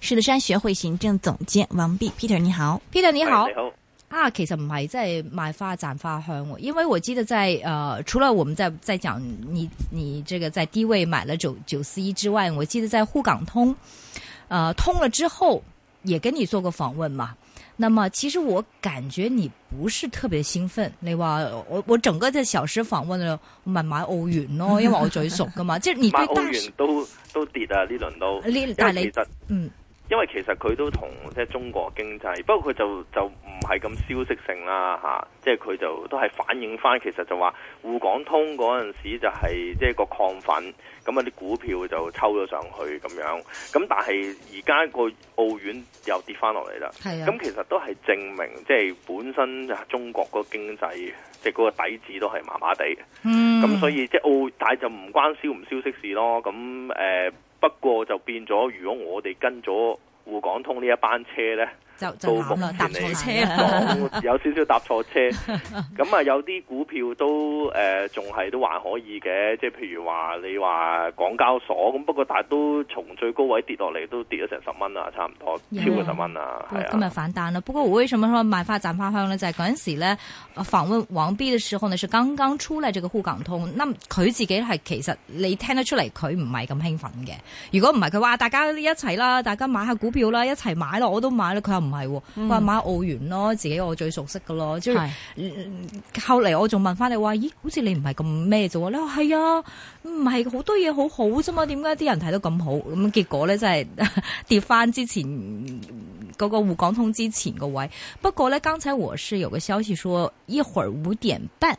獅子山學會行政總監王弼 Peter 你好，Peter 你好，Peter，你好 hey，你好啊，其實唔係即係賣花讚花香，因為我記得在呃除了我們在在講你你這個在低位買了九九四一之外，我記得在滬港通，呃通了之後也跟你做過訪問嘛。那麼其實我感覺你不是特別興奮，對吧？我我整個呢小時訪問了買買歐元咯、哦，因為我最熟噶嘛， 就是你對歐元都都跌啊呢輪都，但係其實嗯。因為其實佢都同即係中國經濟，不過佢就就唔係咁消息性啦嚇，即係佢就，是、佢就都係反映翻其實就話滬港通嗰陣時就係即係個亢奮，咁啊啲股票就抽咗上去咁樣，咁但係而家個澳元又跌翻落嚟啦，咁、啊、其實都係證明即係、就是、本身中國嗰個經濟即係嗰個底子都係麻麻地，咁、嗯、所以即係、就是、澳，但係就唔關消唔消息事咯，咁誒。呃不過就變咗，如果我哋跟咗滬港通呢一班車呢。就到搭前都有少少搭錯車，咁 啊有啲股票都誒仲係都還可以嘅，即係譬如話你話港交所咁，不過大家都從最高位跌落嚟，都跌咗成十蚊啊，差唔多超過十蚊啊，咁、yeah, 啊，今日反彈啦。 不過我為什麼話花賺花香呢就係嗰陣時呢，訪問王 B 的時候呢，是剛剛出嚟，就個滬港通，咁佢自己係其實你聽得出嚟，佢唔係咁興奮嘅。如果唔係佢話大家一齊啦，大家買下股票啦，一齊買咯，我都買啦，佢又。唔係、哦，我買澳元咯、嗯，自己我最熟悉噶咯。之、嗯、後後嚟我仲問翻你話，咦，好似你唔係咁咩你話？係啊，唔係好多嘢好好啫嘛？點解啲人睇到咁好？咁結果咧真係跌翻之前嗰、那個滬港通之前個位。不過咧，剛才和是有個消息說，一會兒五點半，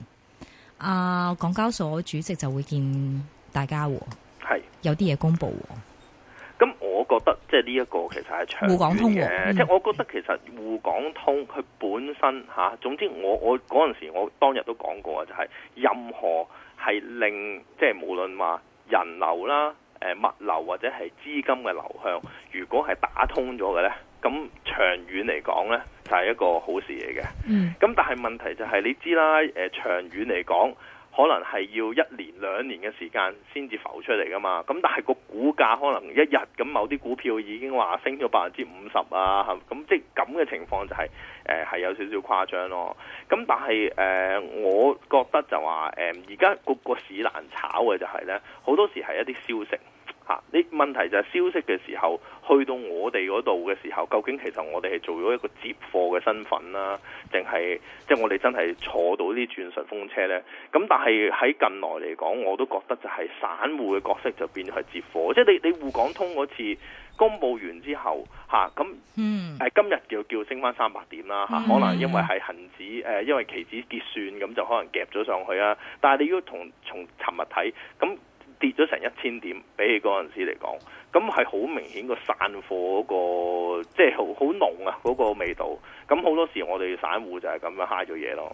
啊、呃，港交所主席就會見大家喎、哦，係有啲嘢公布、哦。覺得即係呢一個其實係長遠嘅，通嗯、即係我覺得其實滬港通佢本身嚇，總之我我嗰陣時我當日都講過啊，就係、是、任何係令即係無論話人流啦、誒物流或者係資金嘅流向，如果係打通咗嘅咧，咁長遠嚟講咧就係、是、一個好事嚟嘅。嗯，咁但係問題就係、是、你知啦，誒長遠嚟講。可能係要一年兩年嘅時間先至浮出嚟㗎嘛，咁但係個股價可能一日咁某啲股票已經話升咗百分之五十啊，咁即係咁嘅情況就係誒係有少少誇張咯。咁但係誒、呃、我覺得就話誒而家個個市難炒嘅就係咧，好多時係一啲消息。嚇、啊！呢問題就係消息嘅時候，去到我哋嗰度嘅時候，究竟其實我哋係做咗一個接貨嘅身份啦、啊，定係即係我哋真係坐到啲轉順風車咧？咁、嗯、但係喺近來嚟講，我都覺得就係散戶嘅角色就變咗係接貨，即係你你滬港通嗰次公佈完之後，嚇、啊、咁，嗯，誒、嗯啊、今日叫叫升返三百點啦嚇、啊，可能因為係恒指誒、呃，因為期指結算咁就可能夾咗上去啊，但係你要同從尋日睇咁。跌咗成一千點，比起嗰陣時嚟講，咁係好明顯個散貨嗰個，即係好好濃啊嗰個味道。咁好多時我哋散戶就係咁樣揩咗嘢咯。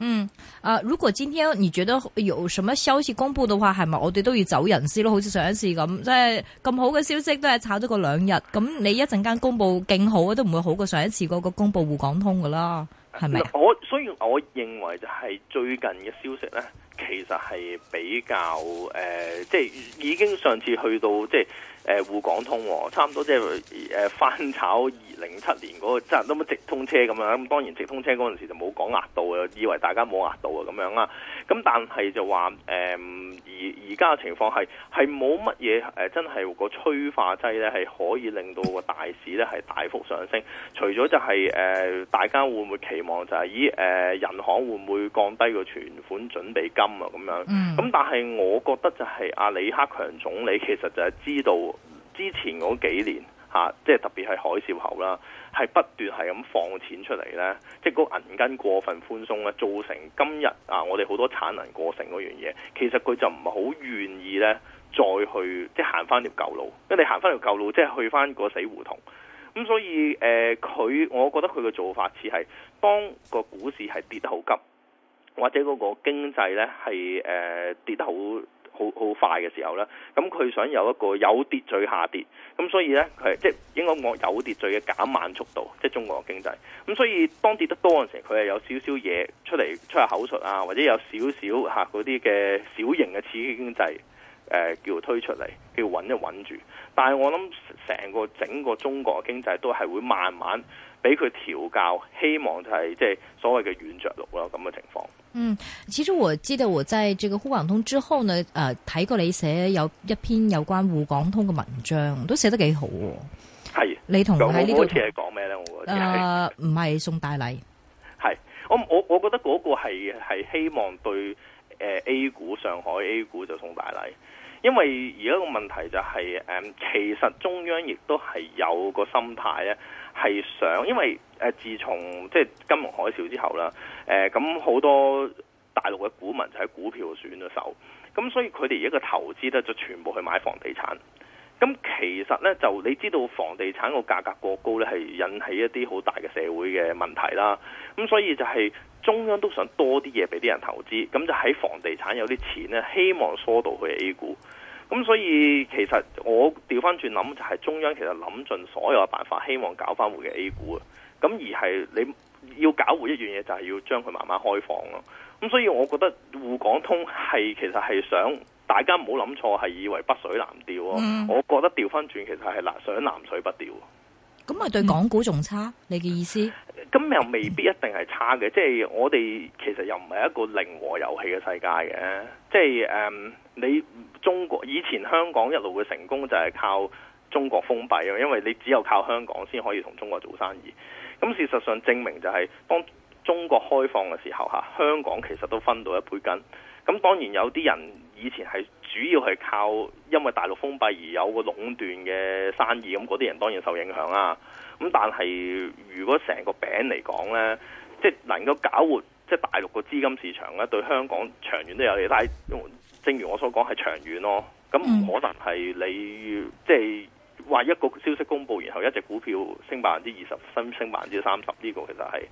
嗯，啊、呃，如果今天你覺得有什麼消息公布的話，係咪我哋都要走人先咯？好似上一次咁，即係咁好嘅消息都係炒咗個兩日。咁你一陣間公布勁好啊，都唔會好過上一次嗰個公布滬港通噶啦，係咪？我所以我認為就係最近嘅消息呢。其實係比較誒、呃，即係已經上次去到即係誒，滬、呃、港通差唔多即係誒，翻炒二零七年嗰個即係乜乜直通車咁樣。咁當然直通車嗰陣時候就冇講額度啊，以為大家冇額度啊咁樣啦。咁但係就話誒、嗯，而而家嘅情況係係冇乜嘢真係個催化劑咧，係可以令到個大市咧係大幅上升。除咗就係、是呃、大家會唔會期望就係、是、咦誒，銀、呃、行會唔會降低個存款準備金啊？咁樣。咁、嗯、但係我覺得就係阿李克強總理其實就係知道之前嗰幾年、啊、即係特別係海嘯後啦。係不斷係咁放錢出嚟呢，即係個銀根過分寬鬆咧，造成今日啊，我哋好多產能過剩嗰樣嘢。其實佢就唔係好願意呢，再去即係行翻條舊路，因為你行翻條舊路即係去翻個死胡同。咁所以誒，佢我覺得佢嘅做法似係當個股市係跌得好急，或者嗰個經濟咧係誒跌得好好好快嘅時候呢，咁佢想有一個有秩序下跌，咁所以呢，佢即係應該按有秩序嘅減慢速度，即係中國嘅經濟。咁所以當跌得多嘅時候，佢係有少少嘢出嚟出下口述啊，或者有少少嚇嗰啲嘅小型嘅刺激經濟。誒、呃，叫推出嚟，叫穩一穩住。但係我諗成個整個中國嘅經濟都係會慢慢俾佢調教，希望就係、是、即係所謂嘅軟着陸啦咁嘅情況。嗯，其實我記得我在這個滬港通之後呢，誒、呃、睇過你寫有一篇有關滬港通嘅文章，都寫得幾好。係你同喺呢度講咩呢？我誒唔係送大禮，係我我我覺得嗰個係係希望對。A 股上海 A 股就送大禮，因為而家個問題就係誒，其實中央亦都係有個心態咧，係想，因為誒自從即係金融海嘯之後啦，誒咁好多大陸嘅股民就喺股票損咗手，咁所以佢哋而家個投資咧就全部去買房地產。咁其實咧就你知道房地產個價格過高咧，係引起一啲好大嘅社會嘅問題啦。咁所以就係中央都想多啲嘢俾啲人投資，咁就喺房地產有啲錢咧，希望疏導去 A 股。咁所以其實我調翻轉諗就係、是、中央其實諗盡所有嘅辦法，希望搞翻回嘅 A 股。咁而係你要搞回一樣嘢，就係、是、要將佢慢慢開放咯。咁所以我覺得滬港通係其實係想。大家唔好諗錯，係以為北水南調，嗯，我覺得調翻轉其實係想南水北調。咁、嗯、咪對港股仲差？嗯、你嘅意思？咁又未必一定係差嘅，即、嗯、係、就是、我哋其實又唔係一個零和遊戲嘅世界嘅，即係誒，你中國以前香港一路嘅成功就係靠中國封閉啊，因為你只有靠香港先可以同中國做生意。咁事實上證明就係、是、當中國開放嘅時候，吓香港其實都分到一杯羹。咁當然有啲人。以前係主要係靠，因為大陸封閉而有個壟斷嘅生意，咁嗰啲人當然受影響啦。咁但係如果成個餅嚟講呢，即係能夠搞活，即係大陸個資金市場呢，對香港長遠都有利。但係正如我所講，係長遠咯。咁唔可能係你即係話一個消息公布，然後一隻股票升百分之二十，升升百分之三十，呢個其實係。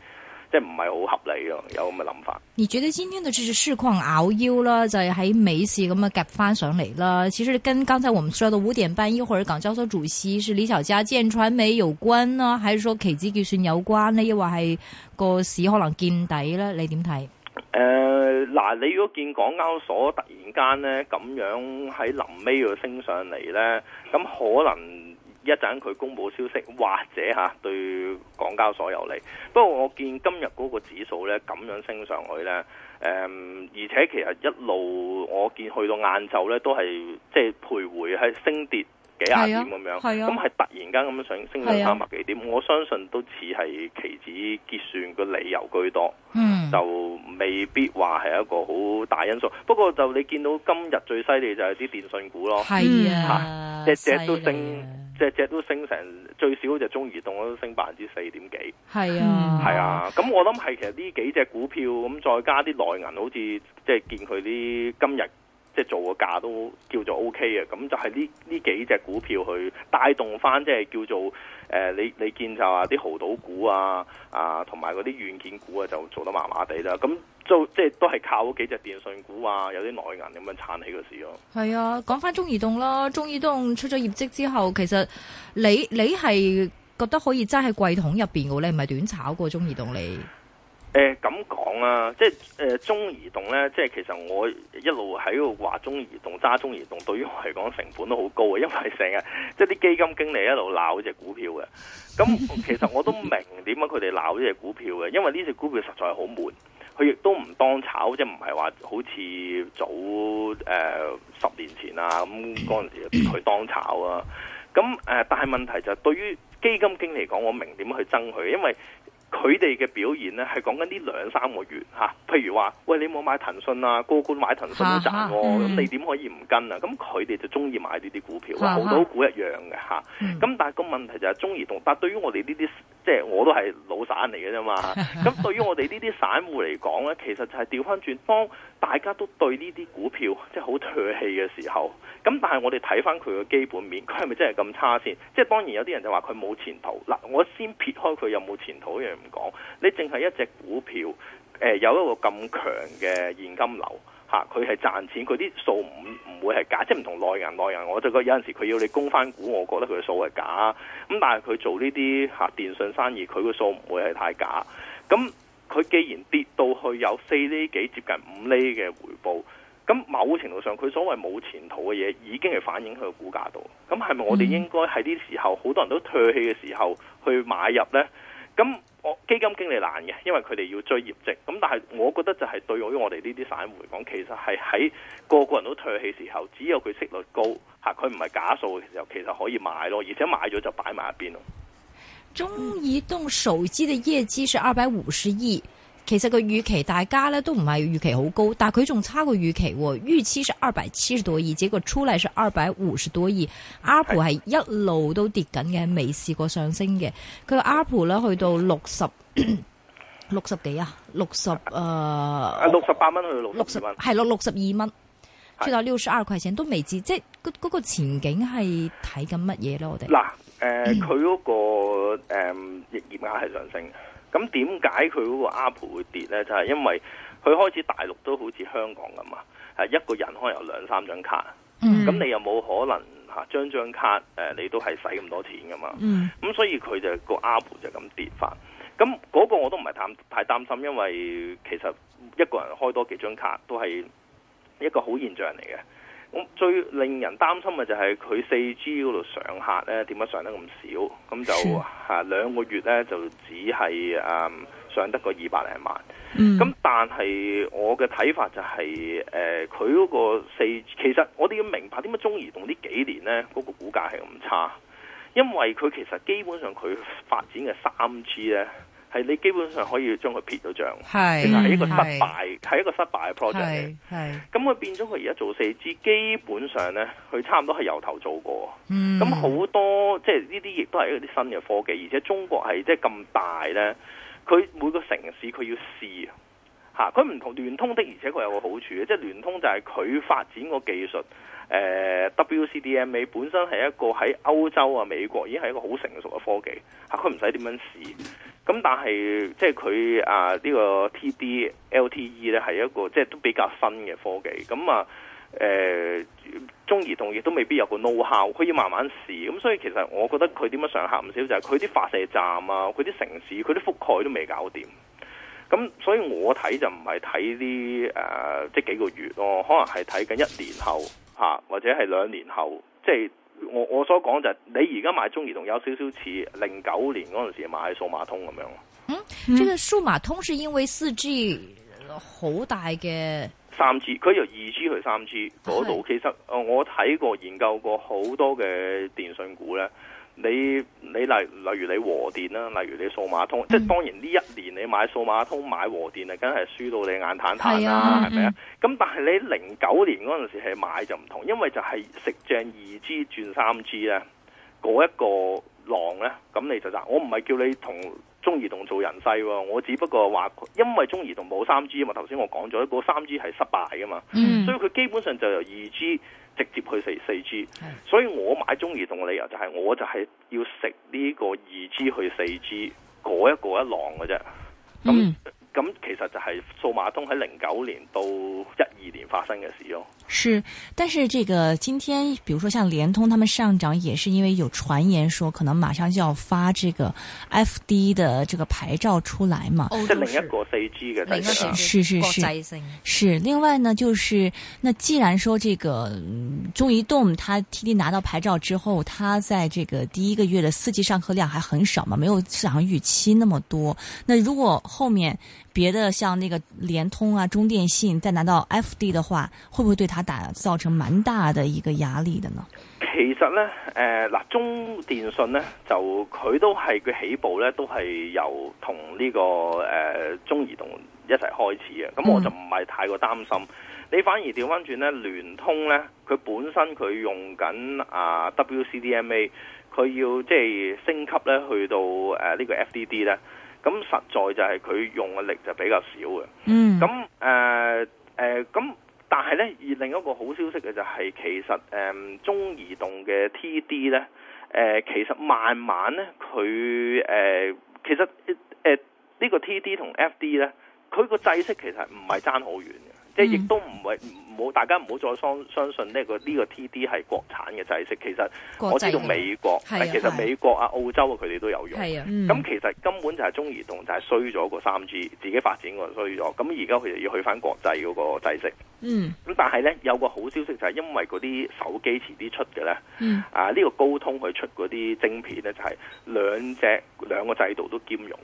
即係唔係好合理啊？有咁嘅諗法。你覺得今天的呢是市況拗腰啦，就係、是、喺美市咁樣夾翻上嚟啦。其實你跟剛才我們講到五點半，一會兒港交所主席是李小加見傳媒有關啦，還是說期指結算有關呢？亦話係個市可能見底咧？你點睇？誒、呃、嗱、呃，你如果見港交所突然間咧咁樣喺臨尾度升上嚟咧，咁可能？一陣佢公佈消息，或者吓對港交所有利。不過我見今日嗰個指數咧咁樣升上去咧、嗯，而且其實一路我見去到晏晝咧都係即係徘徊喺升跌幾廿點咁樣，咁係、啊啊、突然間咁樣升上升到三百幾點、啊，我相信都似係期指結算嘅理由居多，嗯、就未必話係一個好大因素。不過就你見到今日最犀利就係啲電訊股咯，隻隻都升。啊隻隻都升，成最少隻中移動都升百分之四點幾。係啊，係啊，咁我諗係其實呢幾隻股票咁，再加啲內銀，好似即係見佢啲今日即係做個價都叫做 OK 啊，咁就係呢呢幾隻股票去帶動返即係叫做。誒、呃，你你見就話啲豪賭股啊，啊，同埋嗰啲軟件股啊，就做得麻麻地啦。咁都即係都係靠嗰幾隻電信股啊，有啲內銀咁樣撐起個市咯。係啊，講翻中移動啦，中移動出咗業績之後，其實你你係覺得可以揸喺櫃桶入面嘅，你唔係短炒過中移動你？誒、呃，咁講啊，即係誒、呃、中移動咧，即係其實我一路喺度話中移動揸中移動，移動對於我嚟講成本都好高嘅，因為成日即係啲基金經理一路鬧隻隻股票嘅。咁其實我都明點解佢哋鬧呢隻股票嘅，因為呢隻股票實在係好悶，佢亦都唔當炒，即係唔係話好似早誒十、呃、年前啊咁嗰陣時佢當炒啊。咁誒、呃，但係問題就係對於基金經理講，我明點去爭佢，因為。佢哋嘅表現咧，係講緊呢兩三個月嚇、啊，譬如話，喂，你冇買騰訊啊，高官買騰訊都賺喎、啊，咁你點可以唔跟啊？咁佢哋就中意買呢啲股票，好多股一樣嘅嚇。咁、啊嗯、但係個問題就係中意同，但對於我哋呢啲。即係我都係老散嚟嘅啫嘛，咁對於我哋呢啲散戶嚟講呢，其實就係調翻轉，當大家都對呢啲股票即係好唾棄嘅時候，咁但係我哋睇翻佢嘅基本面，佢係咪真係咁差先？即係當然有啲人就話佢冇前途嗱，我先撇開佢有冇前途一樣唔講，你淨係一隻股票，呃、有一個咁強嘅現金流。吓，佢係賺錢，佢啲數唔唔會係假，即係唔同內銀，內銀我就覺得有陣時佢要你供翻股，我覺得佢嘅數係假。咁但係佢做呢啲嚇電信生意，佢嘅數唔會係太假。咁佢既然跌到去有四厘幾，接近五厘嘅回報，咁某程度上佢所謂冇前途嘅嘢已經係反映喺個股價度。咁係咪我哋應該喺呢時候好多人都唾棄嘅時候去買入呢？咁？基金經理難嘅，因為佢哋要追業績。咁但係我覺得就係對於我哋呢啲散戶嚟講，其實係喺個個人都唾棄時候，只有佢息率高吓，佢唔係假數嘅時候，其實可以買咯。而且買咗就擺埋一邊咯。中移動手機嘅業績是二百五十億。其實個預期大家咧都唔係預期好高，但係佢仲差過預期。預期是二百七十多億，結果出嚟是二百五十多億。Apple 係一路都跌緊嘅，未試過上升嘅。佢 Apple 咧去到六十、六十幾啊，六十誒，六十八蚊去到六十，係咯，六十二蚊。去到六十二塊錢都未知即係嗰、嗰個前景係睇緊乜嘢咧？我哋嗱，誒、呃，佢嗰、 嗰個誒營業額係上升。咁點解佢嗰個 ARPU 會跌呢？就係、是、因為佢開始大陸都好似香港咁嘛，一個人可能有兩三張卡，咁、mm. 你有冇可能嚇張張卡你都係使咁多錢噶嘛？咁、mm. 所以佢就個 ARPU 就咁跌翻。咁嗰個我都唔係太擔心，因為其實一個人多開多幾張卡都係一個好現象嚟嘅。我最令人擔心嘅就係佢四 G 嗰度上客咧，點解上得咁少？咁就嚇、啊、兩個月咧，就只係嗯上得個二百零萬。咁、嗯嗯、但係我嘅睇法就係、是，誒佢嗰個四其實我哋要明白點解中移動呢幾年咧嗰、嗰個股價係咁差，因為佢其實基本上佢發展嘅三 G 咧。係，你基本上可以將佢撇到賬，其實係一個失敗，係一個失敗嘅 project 嘅。咁佢變咗佢而家做四 G，基本上咧，佢差唔多係由頭做過。咁、嗯、好多即係呢啲，亦都係一啲新嘅科技。而且中國係即係咁大咧，佢每個城市佢要試吓，佢唔同聯通的。而且佢有個好處嘅，即係聯通就係佢發展個技術，誒、呃、，WCDMA 本身係一個喺歐洲啊、美國已經係一個好成熟嘅科技，吓佢唔使點樣試。咁但係即係佢啊，呢、這個 T D L T E 咧係一個即係都比較新嘅科技。咁，啊，誒，中移動亦都未必有個 know how，佢要慢慢試，咁所以其實我覺得佢點樣上下唔少就係佢啲發射站啊，佢啲城市，佢啲覆蓋都未搞掂，咁所以我睇就唔係睇呢，誒，即幾個月咯，可能係睇緊一年後吓，啊，或者係兩年後即係。我我所講就係你而家買中移動有少少似零九年嗰陣時買數碼通咁樣。嗯，即個數碼通係因為四 G 好大嘅。三 G，佢由二 G 去三 G 嗰度，其實，誒，我睇過研究過好多嘅電信股咧。你你例例如你和電啦，例如你數碼通，嗯、即係當然呢一年你買數碼通買和電啊，梗係輸到你眼坦坦啦，係咪啊？咁、嗯、但係你零九年嗰陣時係買就唔同，因為就係食正 2G 轉 3G 咧，嗰一個浪咧，咁你就賺。我唔係叫你同。中移動做人世喎，我只不過話，因為中移動冇三 G 啊嘛，頭先我講咗嗰三 G 係失敗㗎嘛，mm. 所以佢基本上就由二 G 直接去四四 G，所以我買中移動嘅理由就係我就係要食呢個二 G 去四 G 嗰一個一浪嘅啫。嗯。Mm. 咁其實就係數碼通喺零九年到一二年發生嘅事咯。是，但是這個今天，比如說像聯通，他們上漲也是因為有傳言說可能馬上就要發這個 F D 的這個牌照出來嘛。哦，就是另一個四 G 嘅，是是是國際性。是，是，是，是，是另外呢，就是那既然說這個中移動，它 T D 拿到牌照之後，它在這個第一個月的四 G 上客量還很少嘛，沒有市場預期那麼多。那如果後面別的像那個聯通啊、中電信，再拿到 FD 的話，會不會對它打造成蠻大的一個壓力的呢？其實呢，誒、呃、嗱，中電信呢，就佢都係佢起步呢都係由同呢個誒、呃、中移動一齊開始嘅。咁我就唔係太過擔心。嗯、你反而調翻轉呢，聯通呢，佢本身佢用緊啊 WCDMA，佢要即係升級呢，去到誒呢、啊這個 FDD 呢。咁實在就係佢用嘅力就比較少嘅。咁誒誒，咁、呃呃、但係呢，而另一個好消息嘅就係、是、其實誒、呃、中移動嘅 TD 呢、呃，其實慢慢呢，佢、呃、其實誒呢、呃呢個 TD 同 FD 呢，佢個制式其實唔係爭好遠嘅。即係亦都唔係冇大家唔好再相相信呢個呢個 TD 係國產嘅製式，其實我知道美國，係、啊、其實美國啊,啊、澳洲啊佢哋都有用。咁、啊嗯、其實根本就係中移動就係衰咗個三 G，自己發展過衰咗。咁而家佢就要去翻國際嗰個製式。嗯。咁但係呢，有個好消息就係因為嗰啲手機遲啲出嘅呢、嗯，啊呢、呢個高通佢出嗰啲晶片呢，就係兩隻兩個制度都兼容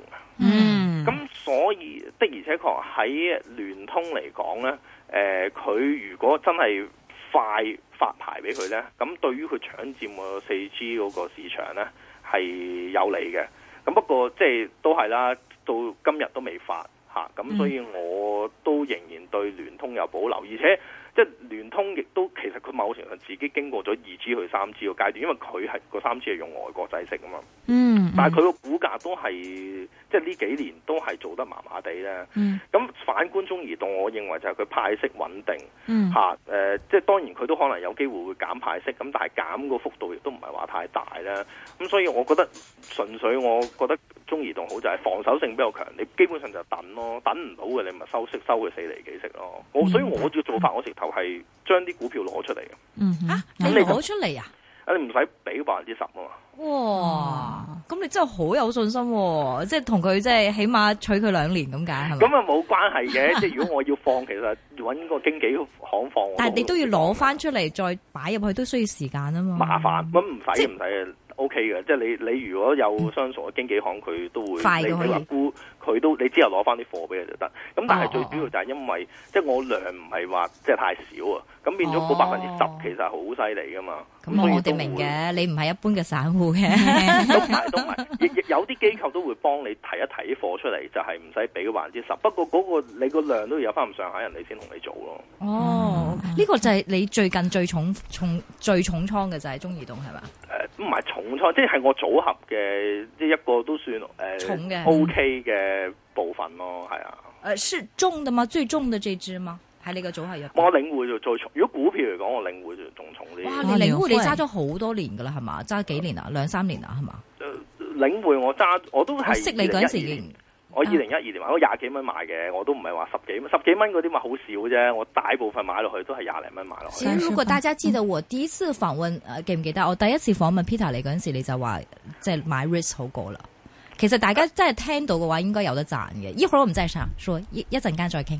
所以的而且確喺聯通嚟講呢，誒、呃、佢如果真係快發牌俾佢呢，咁對於佢搶佔我四 G 嗰個市場呢，係有利嘅。咁不過即係都係啦，到今日都未發嚇，咁、啊、所以我都仍然對聯通有保留，而且。即係聯通，亦都其實佢某程度上自己經過咗二 G 去三 G 嘅階段，因為佢係個三 G 係用外國製式啊嘛。嗯，但係佢個股價都係即係呢幾年都係做得麻麻地咧。咁、嗯、反觀中移動，我認為就係佢派息穩定。嗯，嚇、啊呃，即係當然佢都可能有機會會減派息，咁但係減個幅度亦都唔係話太大咧。咁所以，我覺得純粹，我覺得中移動好就係防守性比較強，你基本上就等咯，等唔到嘅你咪收息收佢四厘幾息咯。嗯、我所以我嘅做法、嗯，我食頭。係將啲股票攞出嚟嘅，吓、嗯、你攞出嚟啊！你唔使俾百分之十啊嘛！哇！咁你真係好有信心、啊，即係同佢即係起碼取佢兩年咁解係嘛？咁啊冇關係嘅，即 係如果我要放，其實搵個經紀行放。但係你都要攞翻出嚟再擺入去，都需要時間啊嘛。麻煩咁唔使唔使 OK 嘅，即係、okay、你你如果有相熟嘅經紀行，佢、嗯、都會快你話估。佢都你之後攞翻啲貨俾佢就得，咁但係最主要就係因為、oh. 即係我量唔係話即係太少啊，咁變咗嗰百分之十其實好犀利噶嘛，所以都會。咁、oh. 我哋明嘅，你唔係一般嘅散戶嘅。 都唔係，都唔係，亦亦有啲機構都會幫你提一提貨出嚟，就係唔使俾個百分之十。不過嗰、那個你個量都要有翻咁上下人，你先同你做咯。哦、oh. 嗯，呢、這個就係你最近最重重最重倉嘅就係中移動係嘛？誒唔係重倉，即係我組合嘅，即係一個都算誒、呃、重嘅 OK 嘅。誒，部分咯，係啊。誒、呃，是重的嗎？最重的這支嗎？係你個組合入面？我領會就最重。如果股票嚟講，我領會就重重啲。哇，你領會你揸咗好多年噶啦，係嘛？揸幾年啊？兩、嗯、三年啊，係嘛？誒、呃，領會我揸，我都係。識你嗰陣時，我二零一二年，我廿幾蚊買嘅，我都唔係話十幾，十幾蚊嗰啲咪好少啫。我大部分買落去都係廿零蚊買落去。啊嗯。如果大家記得我第一次訪問，誒、嗯嗯啊、記唔記得我第一次訪問 Peter 你嗰陣時候，你就話即係買 risk 好過啦。其實大家真係聽到嘅話，應該有得賺嘅。呢鋪唔真係上，所以一,一陣間再傾。